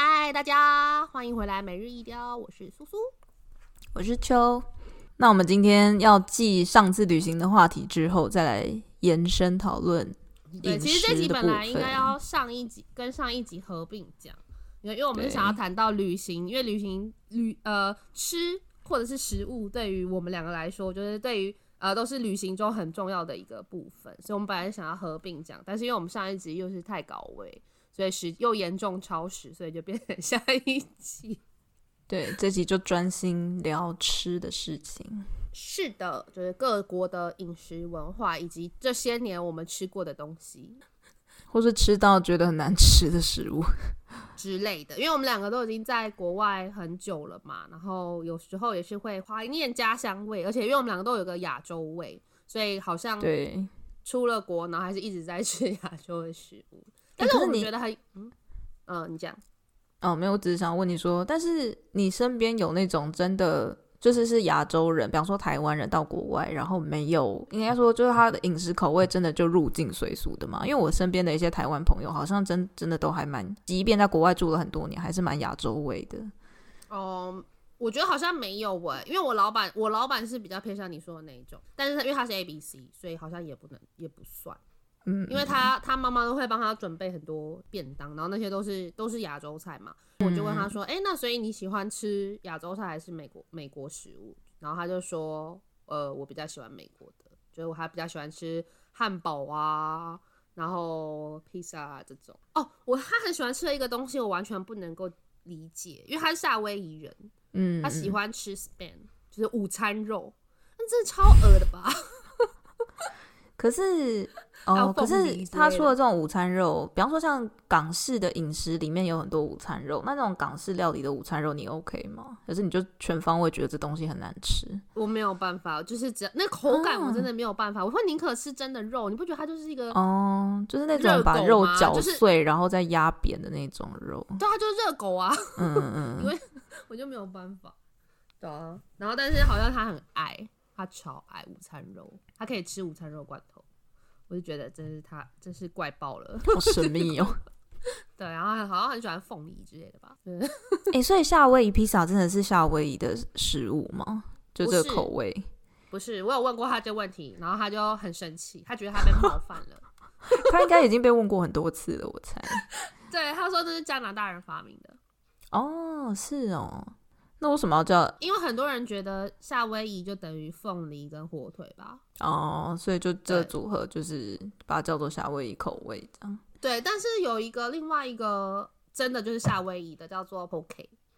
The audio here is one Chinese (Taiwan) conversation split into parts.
嗨，大家歡迎回來《每日一鯛》，我是蘇蘇，我是邱。那我們今天要繼上次旅行的話題之後，再來延伸討論。對，其實這集本來應該要上一集跟上一集合併講。因為，我們想要談到旅行，因為旅行旅呃吃或者是食物，對於我們兩個來說，我覺得對於呃都是旅行中很重要的一個部分。所以我們本來想要合併講，但是因為我們上一集又是太高位，所以是又嚴重超時，所以就變成下一集。對，對這集就專心聊吃的事情。是的，就是各國的飲食文化，以及這些年我們吃過的東西，或是吃到覺得很難吃的食物。之類的，因為我們兩個都已經在國外很久了嘛，然後有時候也是會懷念家鄉味，而且因為我們兩個都有個亞洲胃，所以好像對出了國，然後還是一直在吃亞洲的食物。但是我覺得很、欸，嗯嗯、呃，你講哦，沒有，我只是想問你說，但是你身邊有那種真的。就是是亞洲人，比方說台灣人到國外，然後沒有，應該說就是他的飲食口味真的就入境隨俗的嘛。因為我身邊的一些台灣朋友，好像真真的都還蠻，即便在國外住了很多年，還是蠻亞洲味的。哦、嗯，我覺得好像沒有欸，因為我老板，我老板是比較偏向你說的那一種，但是他，因為他是 A B C，所以好像也不能，也不算。因為他他媽媽都會幫他準備很多便當，然後那些都是都是亞洲菜嘛。我就問他說，哎，那所以你喜歡吃亞洲菜還是美國美國食物？然後他就說，呃，我比較喜歡美國的，所以我還比較喜歡吃漢堡啊，然後披薩啊這種。哦，我他很喜歡吃的一個東西，我完全不能夠理解，因為他是夏威夷人，嗯，他喜歡吃 Spam，就是午餐肉，那真的超惡的吧？可是哦，可是他說的這種午餐肉，比方說像港式的飲食裡面有很多午餐肉，那那種港式料理的午餐肉，你 OK 嗎？可是你就全方位覺得這東西很難吃，我沒有辦法，就是只要那口感我真的沒有辦法，嗯、我說寧可吃真的肉，你不覺得它就是一個哦、嗯，就是那種把肉攪碎、就是、然後再壓扁的那種肉，對，它就是熱狗啊，嗯嗯，因 為我就沒有辦法，對啊，然後但是好像他很愛，他超愛午餐肉。他可以吃午餐肉罐頭，我就覺得真是他，真是怪爆了，好神秘哦。 對，然後好像很，好像很喜歡鳳梨之類的吧。對，欸，所以夏威夷披薩真的是夏威夷的食物嗎？就這個口味。不是，不是，我有問過他這個問題，然後他就很生氣，他覺得他被冒犯了。 他應該已經被問過很多次了，我猜。 對，他說這是加拿大人發明的。哦，是哦。那為什麼要叫？因為很多人覺得夏威夷就等於鳳梨跟火腿吧，哦，所以就這組合就是把它叫做夏威夷口味的。對，但是有一個另外一個真的就是夏威夷的，叫做 Poke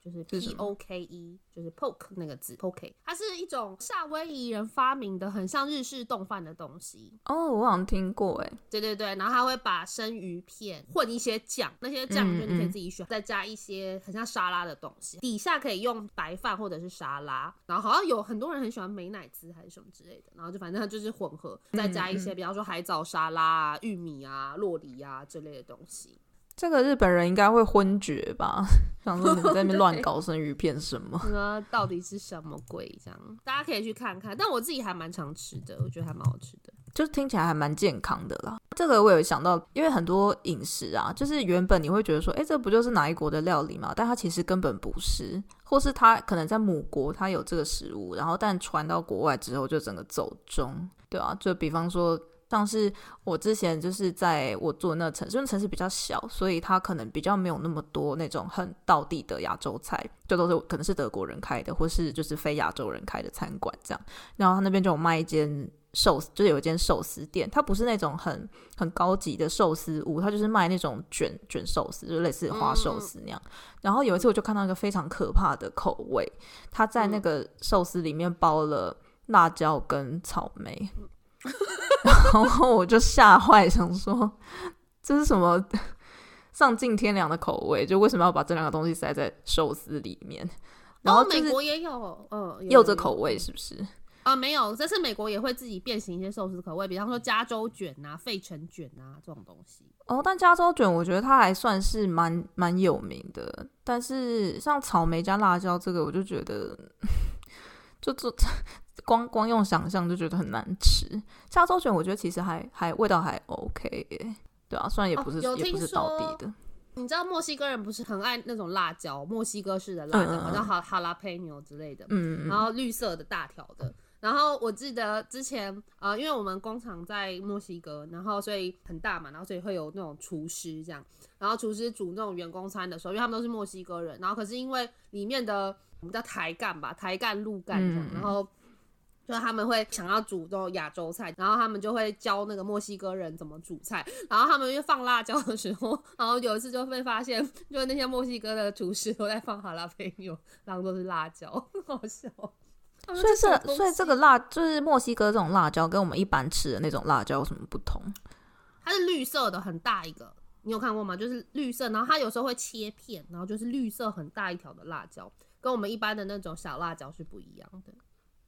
就是 poke，就是 poke 那個字 poke，它是一種夏威夷人發明的，很像日式丼飯的東西。哦、oh，我好像聽過哎。對對對，然後它會把生魚片混一些醬，那些醬就是你可以自己選嗯嗯，再加一些很像沙拉的東西。底下可以用白飯或者是沙拉，然後好像有很多人很喜歡美乃滋還是什麼之類的。然後就反正它就是混合，再加一些嗯嗯比方說海藻沙拉啊、玉米啊、酪梨啊這類的東西。這個日本人應該會昏厥吧？想說你們在那邊亂搞生魚片什麼？呃， 那到底是什麼鬼？這樣大家可以去看看。但我自己還蠻常吃的，我覺得還蠻好吃的，就是聽起來還蠻健康的啦。這個我有想到，因為很多飲食啊，就是原本你會覺得說，哎、欸，這不就是哪一國的料理嗎？但它其實根本不是，或是它可能在母國它有這個食物，然後但傳到國外之後就整個走中，對啊，就比方說。像是我之前就是在我住的那個城市，因為城市比較小，所以他可能比較沒有那麼多那種很道地的亞洲菜，就都是可能是德國人開的，或是就是非亞洲人開的餐館這樣。然後他那邊就有賣一間壽司，就是有一間壽司店，它不是那種很很高級的壽司屋，它就是賣那種卷卷壽司，就類似花壽司那樣。然後有一次我就看到一個非常可怕的口味，他在那個壽司裡面包了辣椒跟草莓。 然後我就嚇壞，想說這是什麼喪盡天良的口味？就為什麼要把這兩個東西塞在壽司裡面，然後是是？哦，美國也有，呃、也有這口味是不是啊？沒有，這是美國也會自己變形一些壽司口味，比方說加州卷啊，費城卷啊，這種東西。哦，但加州卷我覺得它還算是蠻蠻有名的，但是像草莓加辣椒這個，我就覺得就這。光光用想象就覺得很難吃。加州卷我覺得其實還還味道還 OK，、欸、對啊，雖然也不是、啊、有聽說也不是到底的。你知道墨西哥人不是很愛那種辣椒，墨西哥式的辣椒好像哈、Jalapeño 之類的，嗯然後綠色的大條的。然後我記得之前啊、呃，因為我們工廠在墨西哥，然後所以很大嘛，然後所以會有那種廚師這樣。然後廚師煮那種員工餐的時候，因為他們都是墨西哥人，然後可是因為裡面的我們叫台幹吧，台幹、陸幹這樣，嗯、然後。就他們會想要煮這種亞洲菜，然後他們就會教那個墨西哥人怎麼煮菜，然後他們就放辣椒的時候，然後有一次就被發現，就是那些墨西哥的廚師都在放哈拉佩紐，然後都是辣椒，好笑。所以這所以這個辣就是墨西哥這種辣椒跟我們一般吃的那種辣椒有什麼不同？它是綠色的，很大一個，你有看過嗎？就是綠色，然後它有時候會切片，然後就是綠色很大一條的辣椒，跟我們一般的那種小辣椒是不一樣的。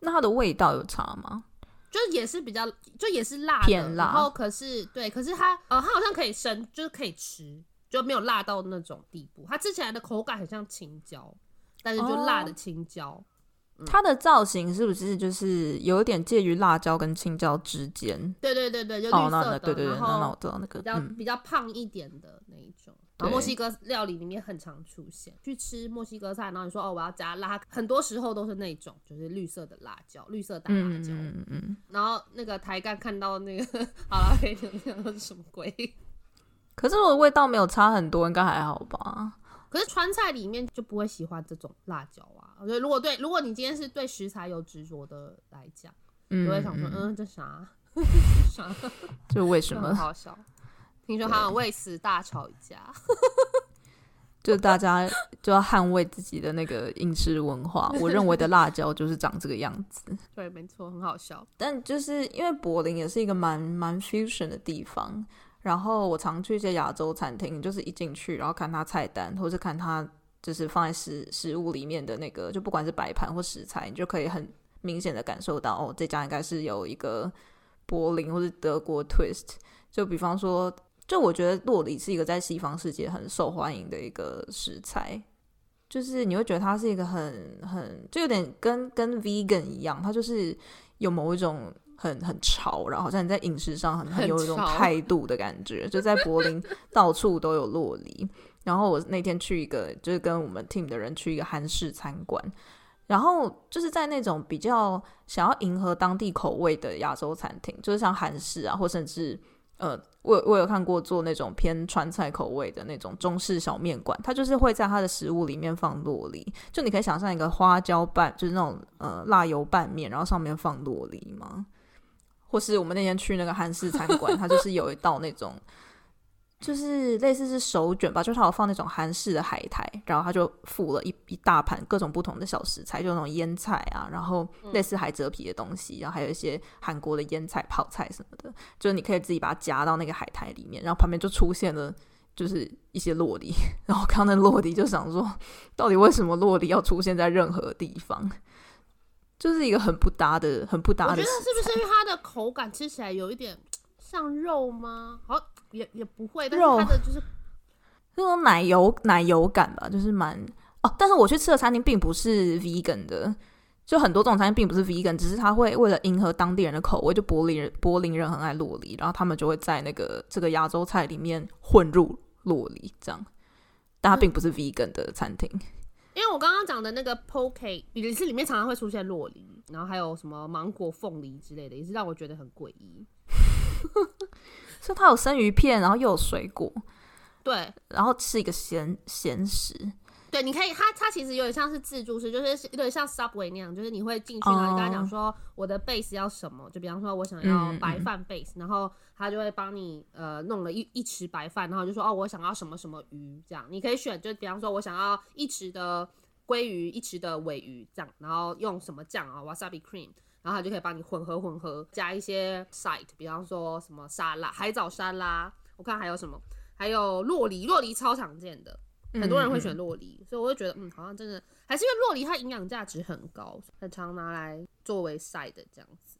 那它的味道有差嗎？就也是比較，就也是辣的，偏辣。然後可是，對，可是它，呃，它好像可以生，就是可以吃，就沒有辣到那種地步。它吃起來的口感很像青椒，但是就辣的青椒。哦、嗯、它的造型是不是就是有一點介於辣椒跟青椒之間？對對對對，就綠色的。哦、對對對，那，那我知道那個比較、嗯、比較胖一點的那一種。墨西哥料理裡面很常出現，去吃墨西哥菜，然後你說哦，我要加辣，很多時候都是那種就是綠色的辣椒，綠色大辣椒。嗯嗯，然後那個台幹看到那個好了，沒 想到是什麼鬼。可是我的味道沒有差很多，應該還好吧？可是川菜裡面就不會喜歡這種辣椒啊。我覺得如果對，如果你今天是對食材有執着的來講，嗯、就會想說嗯，嗯，這啥？ 這啥？這為什麼？好笑。聽說他們為此大吵一架， 就大家就要捍衛自己的那個飲食文化。 我認為的辣椒就是長這個樣子，對，沒錯，很好笑。但就是因為柏林也是一個蠻蠻 fusion 的地方，然後我常去一些亞洲餐廳，就是一進去，然後看它菜單，或是看它就是放在食食物裡面的那個，就不管是擺盤或食材，你就可以很明顯的感受到哦，這家應該是有一個柏林或者德國 twist，就比方說。就我覺得酪梨是一個在西方世界很受歡迎的一個食材，就是你會覺得它是一個很很就有點跟跟 vegan 一樣，它就是有某一種很很潮，然後好像你在飲食上很很有一種態度的感覺。就在柏林到處都有酪梨， 然後我那天去一個就是跟我們 team 的人去一個韓式餐館，然後就是在那種比較想要迎合當地口味的亞洲餐廳，就是像韓式啊，或甚至呃。我有我有看過做那種偏川菜口味的那種中式小麵館，它就是會在它的食物裡面放酪梨，就你可以想象一個花椒拌，就是那種呃辣油拌麵，然後上面放酪梨嘛，或是我們那天去那個韓式餐館， 它就是有一道那種。就是類似是手卷吧，就他有放那種韓式的海苔，然後他就附了一一大盤各種不同的小食材，就那種醃菜啊，然後類似海蜇皮的東西，嗯、然後還有一些韓國的醃菜、泡菜什麼的，就是你可以自己把它夾到那個海苔裡面，然後旁邊就出現了就是一些酪梨，然後剛剛那酪梨就想說，到底為什麼酪梨要出現在任何地方，就是一個很不搭的、很不搭的，我覺得是不是因為它的口感吃起來有一點像肉嗎？好。也也不會，但是它的就是那種奶油奶油感吧，就是蠻哦。但是我去吃的餐廳並不是 vegan 的，就很多這種餐廳並不是 vegan，只是他會為了迎合當地人的口味，就柏林人柏林人很愛酪梨，然後他們就會在那個這個亞洲菜裡面混入酪梨這樣，但它並不是 vegan 的餐廳，嗯。因為我剛剛講的那個 poke 也是裡面常常會出現酪梨，然後還有什麼芒果鳳梨之類的，也是讓我覺得很詭異。 所以它有生魚片，然後又有水果，對，然後吃一個鹹鹹食。對，你可以，它它其實有點像是自助式，就是有點像 Subway 那樣，就是你會進去，oh. 然後你跟他講說我的 base 要什麼，就比方說我想要白飯 base、嗯、然後他就會幫你呃弄了一一匙白飯，然後就說哦，我想要什麼什麼魚這樣，你可以選，就比方說我想要一匙的鮭魚，一匙的鮪魚這樣，然後用什麼醬啊、哦、Wasabi Cream。然後他就可以幫你混合混合，加一些 side 比方說什麼沙拉、海藻沙拉，我看還有什麼，還有酪梨，酪梨超常見的，很多人會選酪梨嗯嗯，所以我就覺得，嗯，好像真的還是因為酪梨它營養價值很高，很常拿來作為 side 的這樣子。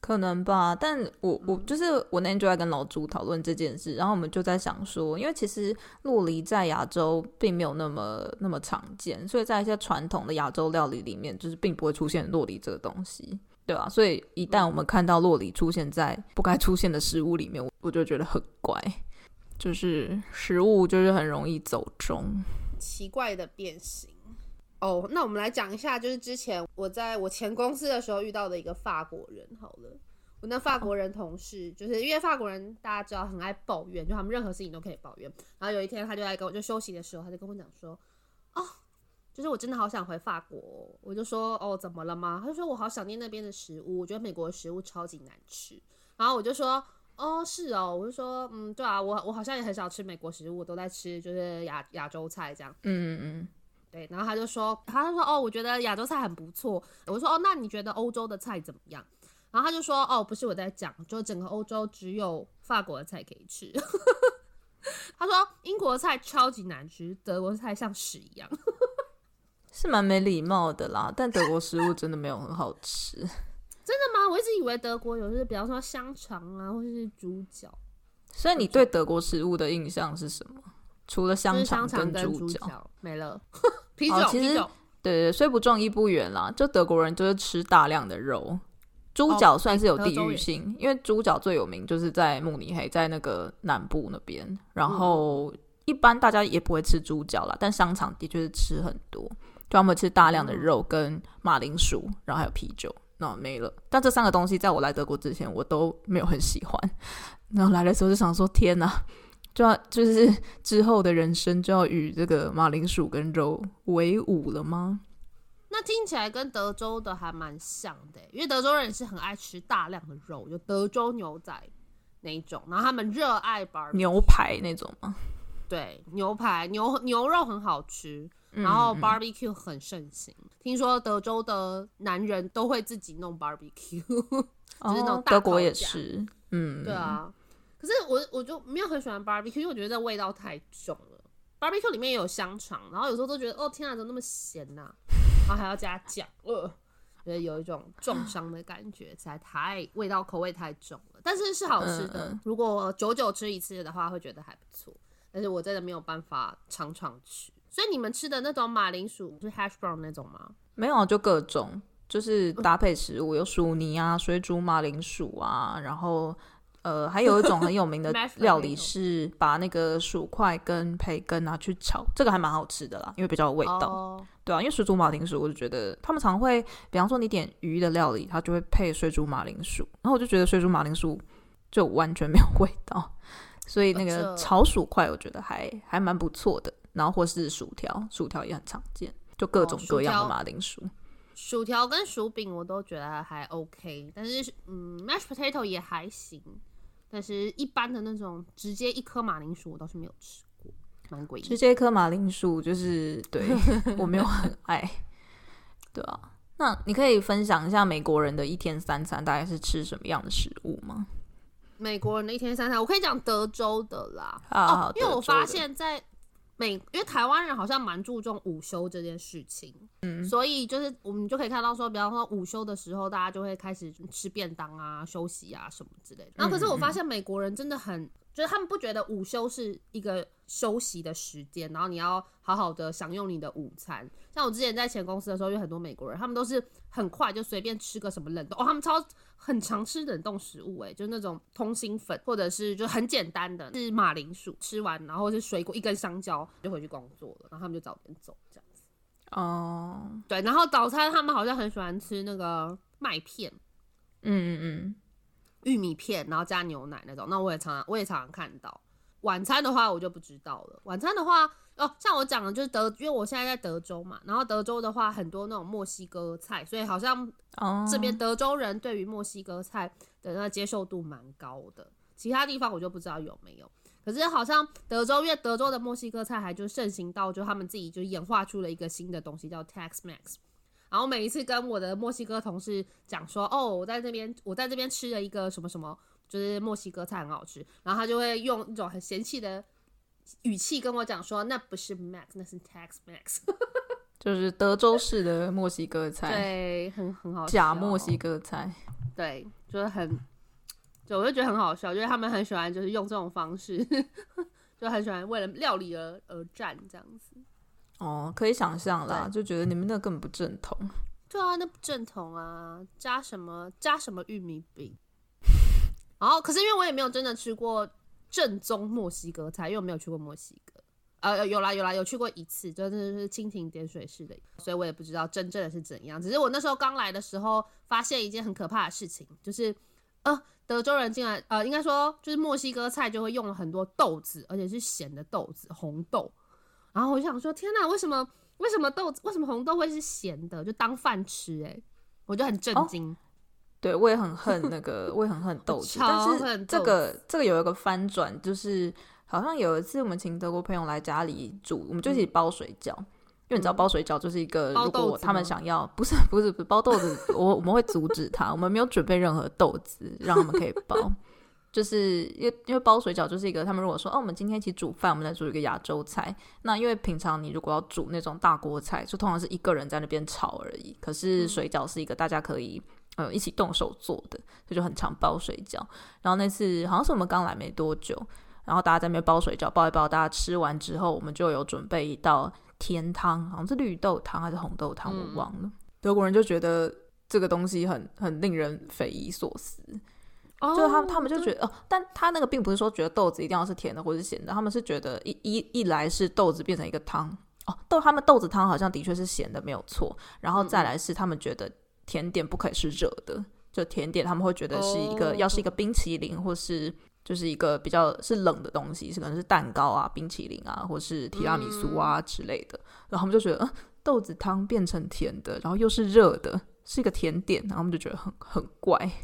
可能吧，但我我就是我那天就在跟老朱討論這件事，然後我們就在想說，因為其實酪梨在亞洲並沒有那麼那麼常見，所以在一些傳統的亞洲料理裡面，就是並不會出現酪梨這個東西，對吧、啊？所以一旦我們看到酪梨出現在不該出現的食物裡面，我就覺得很怪，就是食物就是很容易走鐘奇怪的變形。哦，oh，那我們來講一下，就是之前我在我前公司的時候遇到的一個法國人。好了，我那法國人同事，就是因為法國人大家知道很愛抱怨，就他們任何事情都可以抱怨。然後有一天他就來跟我就休息的時候，他就跟我講說：“哦，就是我真的好想回法國哦。”我就說：“哦，怎麼了嗎？”他就說：“我好想念那邊的食物，我覺得美國的食物超級難吃。”然後我就說：“哦，是哦。”我就說：“嗯，對啊，我我好像也很少吃美國食物，我都在吃就是亞亞洲菜這樣。”嗯嗯嗯。對，然後他就說，他就說，哦，我覺得亞洲菜很不錯。我說哦，那你覺得歐洲的菜怎麼樣？然後他就說，哦，不是我在講，就整個歐洲只有法國的菜可以吃。 他說英國菜超級難吃，德國菜像屎一樣， 是蠻沒禮貌的啦。但德國食物真的沒有很好吃， 真的嗎？我一直以為德國有就是，比方說香腸啊，或者是，是豬腳。所以你對德國食物的印象是什麼？除了香腸跟豬腳沒了，啤 酒，哦，啤酒，Pizza. 對對，對雖不中亦不遠啦。就德國人就是吃大量的肉，豬腳算是有地域性，oh, 欸那個，因為豬腳最有名就是在慕尼黑，在那個南部那邊。然後、嗯、一般大家也不會吃豬腳啦，但香腸的確是吃很多，就他們吃大量的肉跟馬鈴薯，然後還有啤酒，那沒了。但這三個東西在我來德國之前，我都沒有很喜歡。然後來的時候就想說，天吶，啊！就要就是之後的人生就要與這個馬鈴薯跟肉為伍了嗎？那聽起來跟德州的還蠻像的，因為德州人是很愛吃大量的肉，就德州牛仔那一種，然後他們熱愛 barbecue 牛排那種嗎？對，牛排牛牛肉很好吃，嗯，然後 barbecue 很盛行，嗯。聽說德州的男人都會自己弄 barbecue、哦、 就是那種大，德國也是，嗯，對啊。可是我我就沒有很喜歡 barbecue，因為我覺得這味道太重了。barbecue 裡面也有香腸，然後有時候都覺得，哦天啊，怎麼那麼鹹吶啊？然後還要加醬，呃，覺得有一種重傷的感覺，實在太味道，口味太重了。但是是好吃的，呃，如果久久吃一次的話，會覺得還不錯。但是我真的沒有辦法常常吃。所以你們吃的那種馬鈴薯是 hash brown 那種嗎？沒有啊，就各種，就是搭配食物，有薯泥啊，水煮馬鈴薯啊，然後。呃，還有一種很有名的料理是把那個薯塊跟培根拿去炒，這個還蠻好吃的啦，因為比較有味道，oh. 對啊，因為水煮馬鈴薯，我就覺得他們常會，比方說你點魚的料理，它就會配水煮馬鈴薯，然後我就覺得水煮馬鈴薯就完全沒有味道，所以那個炒薯塊我覺得還還蠻不錯的，然後或是薯條，薯條也很常見，就各種各樣的馬鈴薯，oh, 薯條跟薯餅我都覺得還 OK，但是嗯，mashed potato 也還行。但是，一般的那種直接一顆馬鈴薯，我倒是沒有吃過，蠻詭異的。直接一顆馬鈴薯就是，對 我沒有很愛，對啊，那你可以分享一下美國人的一天三餐大概是吃什麼樣的食物嗎？美國人的一天三餐，我可以講德州的啦，啊、哦，因為我發現在。每因為台灣人好像蠻注重午休這件事情，嗯，所以就是我們就可以看到說，比方說午休的時候，大家就會開始吃便當啊、休息啊什麼之類的。然後可是我發現美國人真的很，就是他們不覺得午休是一個休息的時間，然後你要好好的享用你的午餐。像我之前在前公司的時候，有很多美國人，他們都是很快就隨便吃個什麼冷凍，哦，他們超。很常吃冷凍食物、欸，誒，就那種通心粉，或者是就很簡單的，是馬鈴薯，吃完然後是水果一根香蕉就回去工作了，然後他們就早點走這樣子。哦，對，然後早餐他們好像很喜歡吃那個麥片，嗯嗯嗯，玉米片，然後加牛奶那種，那我也常常我也常常看到。晚餐的話，我就不知道了。晚餐的話，哦，像我講的，就是德，因為我現在在德州嘛，然後德州的話，很多那種墨西哥菜，所以好像這邊德州人對於墨西哥菜的那接受度蠻高的。其他地方我就不知道有沒有。可是好像德州，因為德州的墨西哥菜還就盛行到，就他們自己就演化出了一個新的東西叫 Tex Mex。然後每一次跟我的墨西哥同事講說，哦，我在這邊，我在這邊吃了一個什麼什麼。就是墨西哥菜很好吃，然後他就會用一種很嫌棄的語氣跟我講說：“那不是 Mex，那是 Tex Me x，就是德州式的墨西哥菜，對，很很好笑，假墨西哥菜，對，就是很，就我就覺得很好笑，就是他們很喜歡就是用這種方式， 就很喜歡為了料理而而戰這樣子。哦，可以想象啦，就覺得你們那更不正統。對啊，那不正統啊，加什麼加什麼玉米餅。”然後，可是因為我也沒有真的吃過正宗墨西哥菜，因為我沒有去過墨西哥。呃，有，有啦有啦，有去過一次，就是蜻蜓點水式的，所以我也不知道真正的是怎樣。只是我那時候剛來的時候，發現一件很可怕的事情，就是，呃，德州人竟然，呃，應該說就是墨西哥菜就會用了很多豆子，而且是鹹的豆子，紅豆。然後我就想說，天哪，啊，為什麼為什麼豆子為什麼紅豆會是鹹的，就當飯吃，欸？哎，我就很震驚。哦對，我也很恨那個，我也很恨豆子。 豆子但是這個這個有一個翻轉，就是好像有一次我們請德國朋友來家裡煮，我們就一起包水餃、嗯。因為你知道包水餃就是一個、嗯，如果他們想要不是不是不是包豆子， 我我們會阻止他。我們沒有準備任何豆子，讓他們可以包。 就是因為因為包水餃就是一個，他們如果說哦、啊，我們今天一起煮飯，我們來煮一個亞洲菜。那因為平常你如果要煮那種大鍋菜，就通常是一個人在那邊炒而已。可是水餃是一個大家可以。嗯嗯、呃，一起動手做的，這就很常包水餃。然後那次好像是我們剛來沒多久，然後大家在那邊包水餃，包一包，大家吃完之後，我們就有準備一道甜湯，好像是綠豆湯還是紅豆湯，我忘了。嗯、德國人就覺得這個東西很很令人匪夷所思，哦、就他們他們就覺得哦，但他那個並不是說覺得豆子一定要是甜的或是鹹的，他們是覺得一一一來是豆子變成一個湯哦豆，他們豆子湯好像的確是鹹的，沒有錯。然後再來是他們覺得。甜點不可以是熱的，就甜點他們會覺得是一個，oh. 要是一個冰淇淋或是就是一個比較是冷的東西，是可能是蛋糕啊、冰淇淋啊，或是提拉米蘇啊之類的。Mm. 然後他們就覺得、嗯、豆子湯變成甜的，然後又是熱的，是一個甜點，然後我們就覺得很很怪。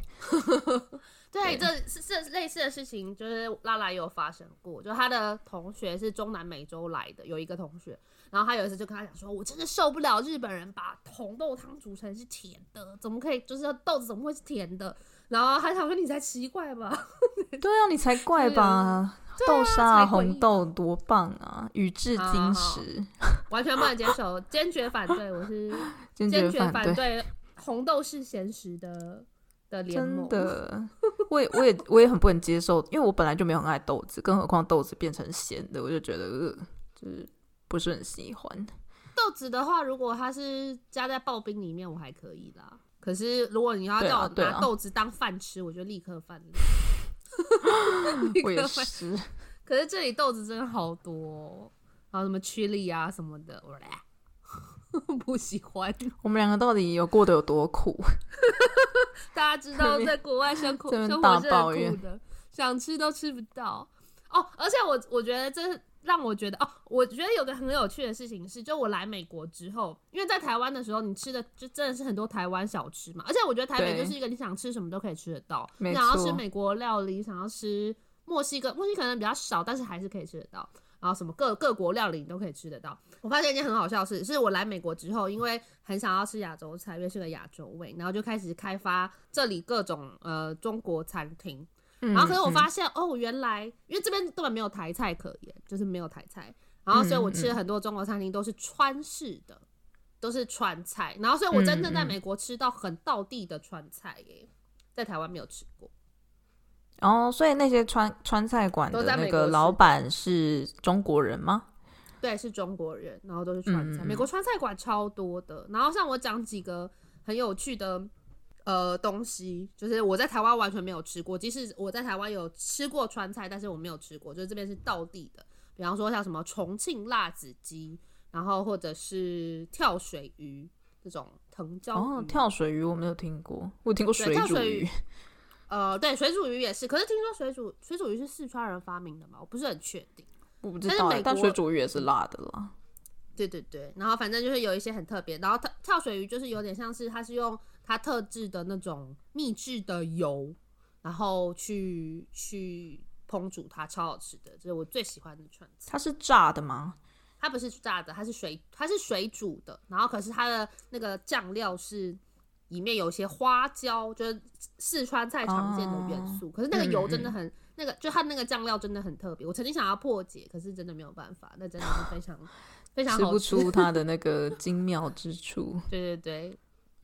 對，yeah. 這是這類似的事情，就是拉拉也有發生過，就他的同學是中南美洲來的，有一個同學。然後他有一次就跟他講說：“我真的受不了日本人把紅豆湯煮成是甜的，怎麼可以？就是豆子怎麼會是甜的？”然後他想說：“你才奇怪吧？”對啊，你才怪吧！啊、豆沙紅豆多棒啊，雨智金石好好好好，完全不能接受，堅決反對！我是堅決反對，決反對，對紅豆是鹹食的的聯盟真的，我也我也我也很不能接受，因為我本來就沒有很愛豆子，更何況豆子變成鹹的，我就覺得、呃、就是。不是很喜歡豆子的話，如果它是加在刨冰裡面，我還可以啦。可是如果你要叫我拿豆子當飯吃，啊啊，我就立刻飯。 我也是。可是這裡豆子真的好多，哦，還有什麼 c 力啊什麼的，我 不喜歡。我們兩個到底有過得有多苦？ 大家知道，在國外生活，生活是真苦的大，想吃都吃不到。哦，而且我我覺得這是。讓我覺得哦，我覺得有個很有趣的事情是，就我來美國之後，因為在台灣的時候，你吃的就真的是很多台灣小吃嘛，而且我覺得台北就是一個你想吃什麼都可以吃得到，你想要吃美國料理，想要吃墨西哥，墨西哥可能比較少，但是還是可以吃得到，然後什麼各各國料理你都可以吃得到。我發現一件很好笑的事，是我來美國之後，因為很想要吃亞洲菜，因為是個亞洲味，然後就開始開發這裡各種呃中國餐廳。嗯、然後，所以我發現、嗯、哦，原來因為這邊根本沒有台菜可言，就是沒有台菜。然後，所以我吃了很多中國餐廳都是川式的、嗯，都是川菜。然後，所以我真正在美國吃到很道地的川菜耶，耶、嗯，在台灣沒有吃過。哦，所以那些川川菜館的那個老闆是中國人嗎？對，是中國人。然後都是川菜。嗯、美國川菜館超多的。然後，像我講幾個很有趣的。呃，東西就是我在台灣完全沒有吃過，即使我在台灣有吃過川菜，但是我沒有吃過。就是這邊是道地的，比方說像什麼重慶辣子雞，然後或者是跳水魚這種藤椒魚哦，跳水魚、嗯、我沒有聽過，我聽過水煮魚。 呃，對，水煮魚也是，可是聽說水煮水煮魚是四川人發明的嘛，我不是很確定。但不知道但是，但水煮魚也是辣的啦。對對對，然後反正就是有一些很特別，然後它跳水魚就是有點像是它是用，它特製的那種秘制的油，然後去去烹煮它，超好吃的，這、就是我最喜歡的川菜。它是炸的嗎？它不是炸的，它是水它是水煮的。然後可是它的那個醬料是裡面有一些花椒，就是四川菜常見的元素。哦、可是那個油真的很、嗯、那個，就它那個醬料真的很特別。我曾經想要破解，可是真的沒有辦法，那真的是非常 非常好吃，吃不出它的那個精妙之處。 對對對。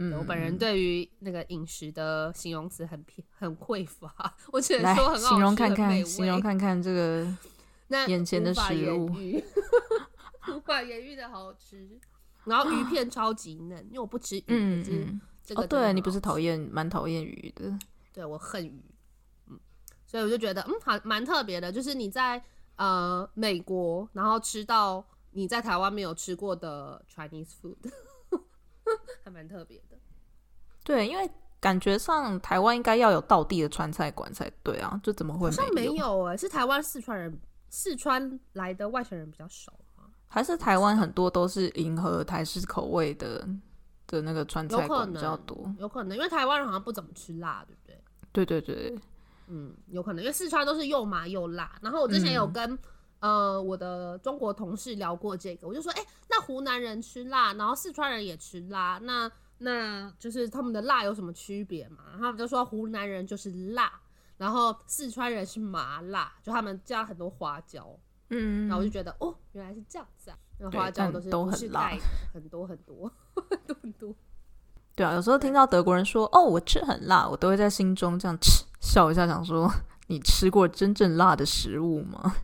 嗯、我本人對於那個飲食的形容詞很偏很匱乏，我只能說很好形容看看，形容看看這個那眼前的食物，無法, 無法言喻的好吃，然後魚片超級嫩，因為我不吃魚，嗯，這個、哦。對，你不是討厭，蠻討厭魚的，對，我恨魚，嗯，所以我就覺得，嗯，還蠻特別的，就是你在呃美國，然後吃到你在台灣沒有吃過的 Chinese food，還蠻特別的。對，因為感覺上台灣應該要有道地的川菜館才對啊，就怎麼會好像沒有哎、欸，是台灣四川人四川來的外省人比較少還是台灣很多都是迎合台式口味的的那個川菜館比較多？有可能，可能因為台灣人好像不怎麼吃辣，對不對？對對對，嗯，有可能，因為四川都是又麻又辣。然後我之前有跟，嗯、呃我的中國同事聊過這個，我就說，哎、欸，那湖南人吃辣，然後四川人也吃辣，那。那就是他們的辣有什麼區別嘛？他們就說，湖南人就是辣，然後四川人是麻辣，就他們加很多花椒。嗯，然後我就覺得哦，原來是這樣子啊，那花椒都是都很辣，很多很多，都 多很多。對啊，有時候聽到德國人說 哦，我吃很辣，我都會在心中這樣吃笑一下，想說你吃過真正辣的食物嗎？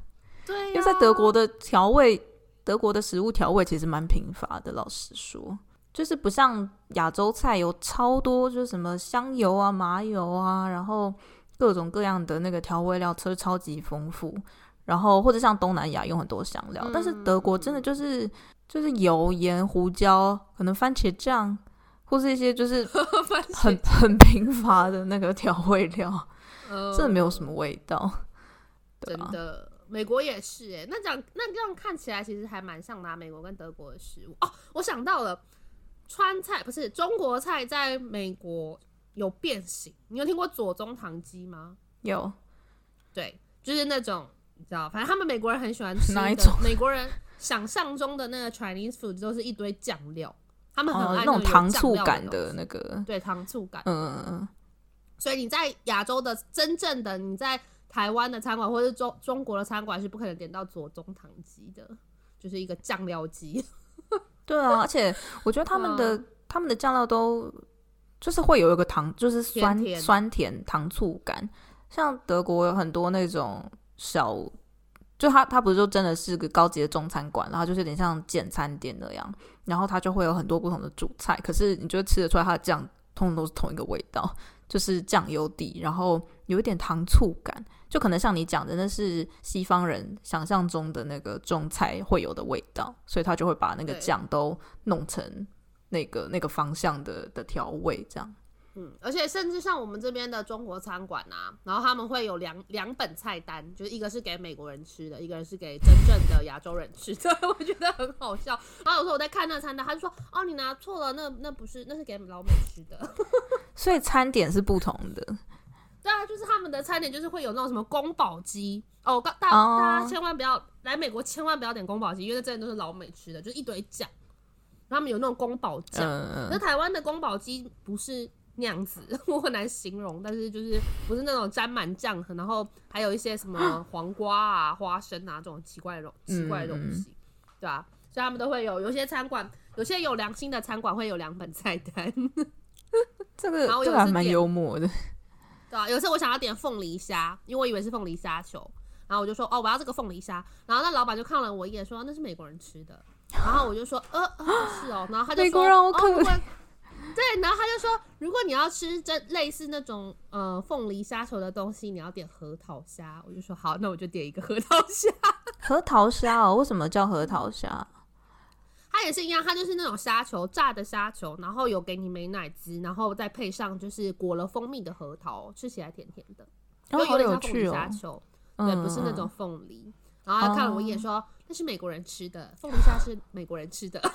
對啊，因為在德國的調味，德國的食物調味其實蠻貧乏的，老實說。就是不像亞洲菜有超多，就是什麼香油啊、麻油啊，然後各種各樣的那個調味料，吃的超級豐富。然後或者像東南亞用很多香料，嗯、但是德國真的就是就是油、鹽、胡椒，可能番茄醬或是一些就是很 很貧乏的那個調味料， 真的沒有什麼味道。呃、真的，美國也是哎，那這樣那這樣看起來其實還蠻像拿、啊、美國跟德國的食物哦。我想到了。川菜不是中國菜，在美國有變形。你有聽過左宗棠雞嗎？有，對，就是那種，你知道，反正他們美國人很喜歡吃的。哪一種？美國人想象中的那個 Chinese food 都是一堆醬料，他們很愛那，有、哦、那種糖醋感的那個。對，糖醋感。嗯嗯嗯。所以你在亞洲的真正的你在台灣的餐館，或者是中中國的餐館是不可能點到左宗棠雞的，就是一個醬料雞。 對啊，而且我覺得他們的 他們的醬料都就是會有一個糖，就是酸甜甜酸甜、糖醋感。像德國有很多那種小，就他他不是就真的是個高級的中餐館，然後就是有點像簡餐店那樣，然後它就會有很多不同的主菜，可是你就吃得出來，它的醬通通都是同一個味道，就是醬油底，然後。有一點糖醋感，就可能像你講的，那是西方人想象中的那個中菜會有的味道，所以他就會把那個醬都弄成那個那個方向的的調味這樣。嗯，而且甚至像我們這邊的中國餐館啊，然後他們會有兩兩本菜單，就是一個是給美國人吃的，一個人是給真正的亞洲人吃的，我覺得很好笑。然後有時候我在看那餐單，他就說哦，你拿錯了，那那不是，那是給老美吃的。所以餐點是不同的。對啊，就是他們的餐點，就是會有那種什麼宮保雞哦，大家、oh. 大家千萬不要來美國，千萬不要點宮保雞，因為那真的都是老美吃的，就是、一堆醬。他們有那種宮保醬，那、uh. 台灣的宮保雞不是那樣子，我很難形容，但是就是不是那種沾滿醬，然後還有一些什麼黃瓜啊、 花生啊這種奇怪東奇怪東西，mm. 對吧、啊？所以他們都會有，有些餐館，有些有良心的餐館會有兩本菜單， 這個然後這個還蠻幽默的。對啊，有時候我想要點鳳梨蝦，因為我以為是鳳梨蝦球，然後我就說哦，我要這個鳳梨蝦，然後那老闆就看了我一眼，說那是美國人吃的，然後我就說呃、呃，是哦、喔，然後他就說美國人，我可、哦、對，然後他就說如果你要吃這類似那種呃鳳梨蝦球的東西，你要點核桃蝦，我就說好，那我就點一個核桃蝦。核桃蝦、喔，哦，為什麼叫核桃蝦？也是一樣，它就是那種蝦球炸的蝦球，然後有給你美乃滋，然後再配上就是裹了蜂蜜的核桃，吃起來甜甜的。哦、有點像哦、嗯。對，不是那種鳳梨。然後看了我一眼說：“那是美國人吃的鳳梨蝦，是美國人吃的。是美國人吃的”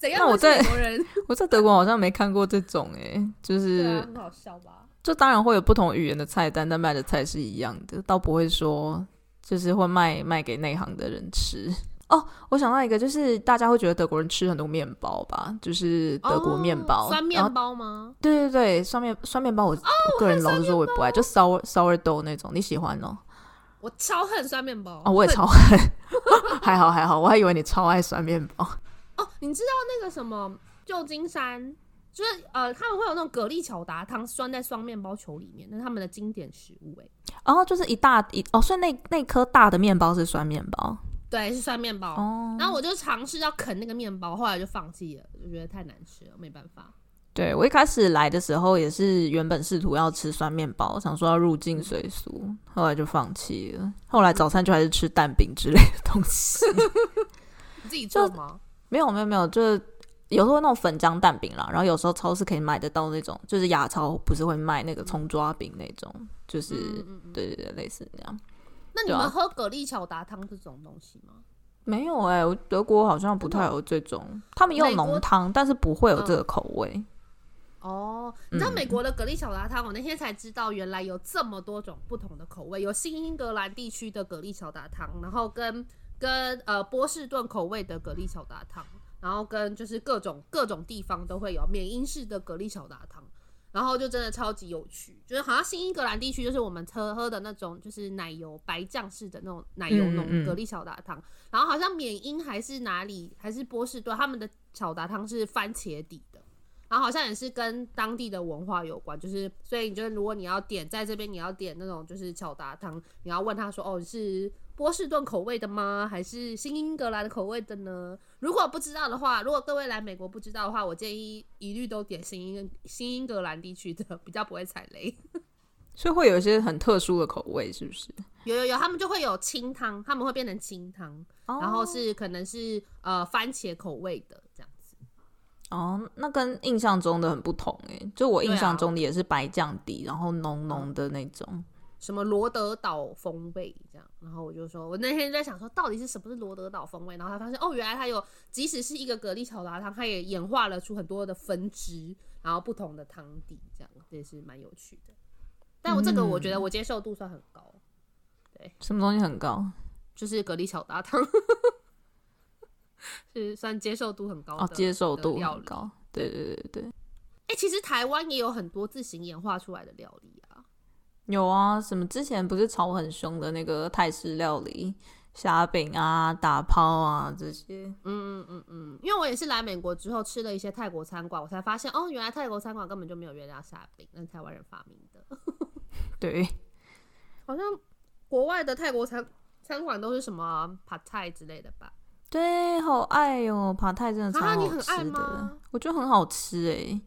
怎樣是美國人我？我在德國好像沒看過這種哎、欸，就是、啊、很好笑吧？就當然會有不同語言的菜單，但賣的菜是一樣的，倒不會說就是會賣賣給內行的人吃。哦，我想到一個，就是大家會覺得德國人吃很多麵包吧，就是德國麵包，哦、酸麵包嗎？對對對，酸麵酸麵包我、哦，我個人老實說我也不愛，愛就 sour sour dough 那種，你喜歡哦？我超恨酸麵包哦，我也超恨，還好還好， 我還以為你超愛酸麵包哦。你知道那個什麼舊金山，就是呃，他們會有那種蛤蜊巧達湯，裝在酸麵包球裡面，那是他們的經典食物哎。然、哦、後就是一大一哦，所以那那顆大的麵包是酸麵包。對，是酸麵包。Oh. 然後我就嘗試要啃那個麵包，後來就放棄了，就覺得太難吃了，沒辦法。對，我一開始來的時候，也是原本試圖要吃酸麵包，想說要入境隨俗，後來就放棄了。後來早餐就還是吃蛋餅之類的東西。 你自己做嗎？沒有，沒有，沒有，就是有時候那種粉漿蛋餅啦，然後有時候超市可以買得到那種，就是亞超不是會賣那個蔥抓餅那種，就是嗯嗯嗯嗯，對對對，類似這樣。那你們喝蛤蜊巧達湯這種東西嗎？啊、沒有哎、欸，我德國好像不太有這種，他們有濃湯，但是不會有這個口味。嗯、哦，你知道美國的蛤蜊巧達湯，我那天才知道原來有這麼多種不同的口味，有新英格蘭地區的蛤蜊巧達湯，然後跟跟呃波士頓口味的蛤蜊巧達湯，然後跟就是各種各種地方都會有緬因式的蛤蜊巧達湯。然後就真的超級有趣，就是好像新英格蘭地區就是我們喝喝的那種，就是奶油白醬式的那種奶油濃蛤蜊巧達湯。然後好像緬因還是哪裡，還是波士頓，他們的巧達湯是番茄底的。然後好像也是跟當地的文化有關，就是所以你覺得如果你要點在這邊，你要點那種就是巧達湯，你要問他說哦是。波士頓口味的嗎？還是新英格蘭的口味的呢？如果不知道的話，如果各位來美國不知道的話，我建議一律都點新新英格蘭地區的，比較不會踩雷。所以會有一些很特殊的口味，是不是？有有有，他們就會有清湯，他們會變成清湯，oh. 然後是可能是呃番茄口味的這樣子。哦，oh，那跟印象中的很不同哎，就我印象中的也是白醬底，對啊 okay. 然後濃濃的那種。什麼羅德島風味這樣，然後我就說，我那天在想說，到底是什麼是羅德島風味？然後他發現，哦，原來他有，即使是一個蛤蜊巧達湯，他也演化了出很多的分支，然後不同的湯底這樣，這也是蠻有趣的。但我這個我覺得我接受度算很高。嗯、對，什麼東西很高？就是蛤蜊巧達湯。 是算接受度很高哦，接受度要高。對對對對哎、欸，其實台灣也有很多自行演化出來的料理，啊有啊，什麼之前不是炒很凶的那個泰式料理蝦餅啊、打拋啊這些，嗯嗯嗯嗯，因為我也是來美國之後吃了一些泰國餐館，我才發現哦，原來泰國餐館根本就沒有月亮蝦餅，那是台灣人發明的。 對，好像國外的泰國餐餐館都是什麼帕泰之類的吧？對，好愛喲、哦，帕泰真的超好吃的，啊、你很愛嗎？我覺得很好吃哎、欸。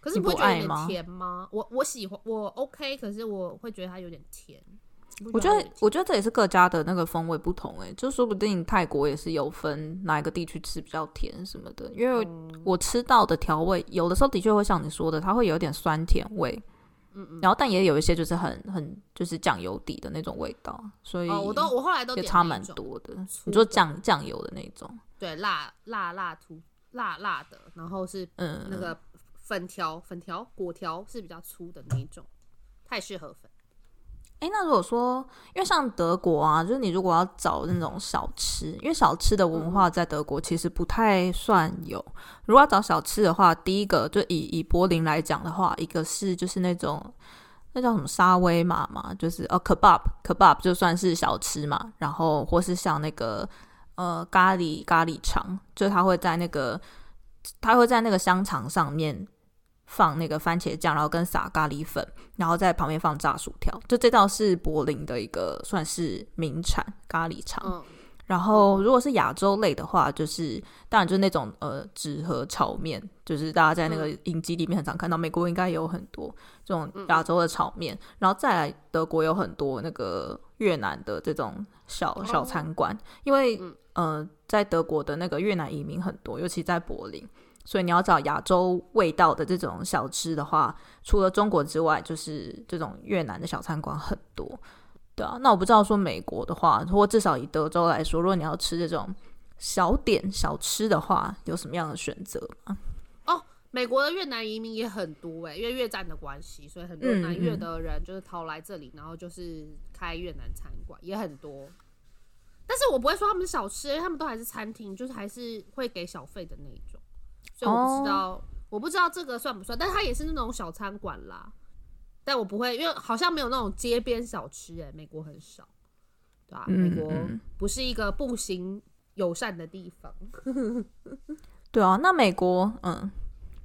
可是不會覺得有點甜嗎？嗎我我喜歡我 OK，可是我會覺得它有點甜。覺點甜我覺得我覺得這也是各家的那個風味不同哎、欸，就說不定泰國也是有分哪一個地區吃比較甜什麼的。因為我吃到的調味，有的時候的確會像你說的，它會有點酸甜味。嗯嗯，嗯，然後但也有一些就是很很就是醬油底的那種味道。所以、哦、我都我後來都也差蠻多的。你說醬醬油的那種，對，辣辣辣辣辣的，然後是嗯那個。嗯粉條、粉條、果條是比較粗的那一種，泰式河粉。哎、欸，那如果說，因為像德國啊，就是你如果要找那種小吃，因為小吃的文化在德國其實不太算有。嗯、如果要找小吃的話，第一個就以以柏林來講的話，一個是就是那種那叫什麼沙威瑪嘛,嘛，就是哦，kebab kebab 就算是小吃嘛。然後或是像那個呃咖喱咖喱腸，就是他會在那個他會在那個香腸上面。放那個番茄醬，然後跟撒咖喱粉，然後在旁邊放炸薯條。就這道是柏林的一個算是名產咖喱腸、嗯。然後如果是亞洲類的話，就是當然就是那種呃紙盒炒麵，就是大家在那個影集裡面很常看到。美國應該也有很多這種亞洲的炒麵，然後再來德國有很多那個越南的這種小小餐館，因為呃在德國的那個越南移民很多，尤其在柏林。所以你要找亞洲味道的這種小吃的話，除了中國之外，就是這種越南的小餐館很多，對啊。那我不知道說美國的話，或至少以德州來說，如果你要吃這種小點小吃的話，有什麼樣的選擇嗎？哦，美國的越南移民也很多哎，欸，因為越戰的關係，所以很多南越的人嗯嗯就是逃來這裡，然後就是開越南餐館也很多。但是我不會說他們是小吃，欸，因為他們都還是餐廳，就是還是會給小費的那種。所以我不知道，oh. 我不知道這個算不算，但它也是那種小餐館啦。但我不會，因為好像沒有那種街邊小吃、欸，哎，美國很少，對吧、啊？Mm -hmm. 美國不是一個步行友善的地方。 對啊，那美國，嗯，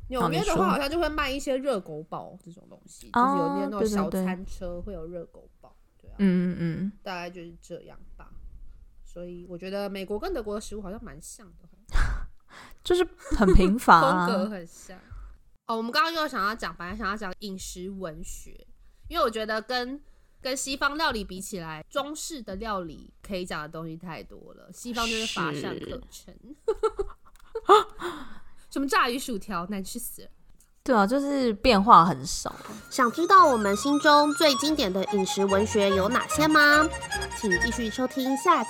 紐約的話好像就會賣一些熱狗堡這種東西，oh, 就是有些那種小餐車，會有熱狗堡，對啊，嗯嗯嗯，大概就是這樣吧。所以我覺得美國跟德國的食物好像蠻像的。 就是很平凡，啊， 風格很像。哦，我們剛剛又想要講，本來想要講飲食文學，因為我覺得跟跟西方料理比起來，中式的料理可以講的東西太多了，西方就是乏善可陳。 什麼炸魚薯條，難吃死。對啊，就是變化很少。想知道我們心中最經典的飲食文學有哪些嗎？請繼續收聽下集。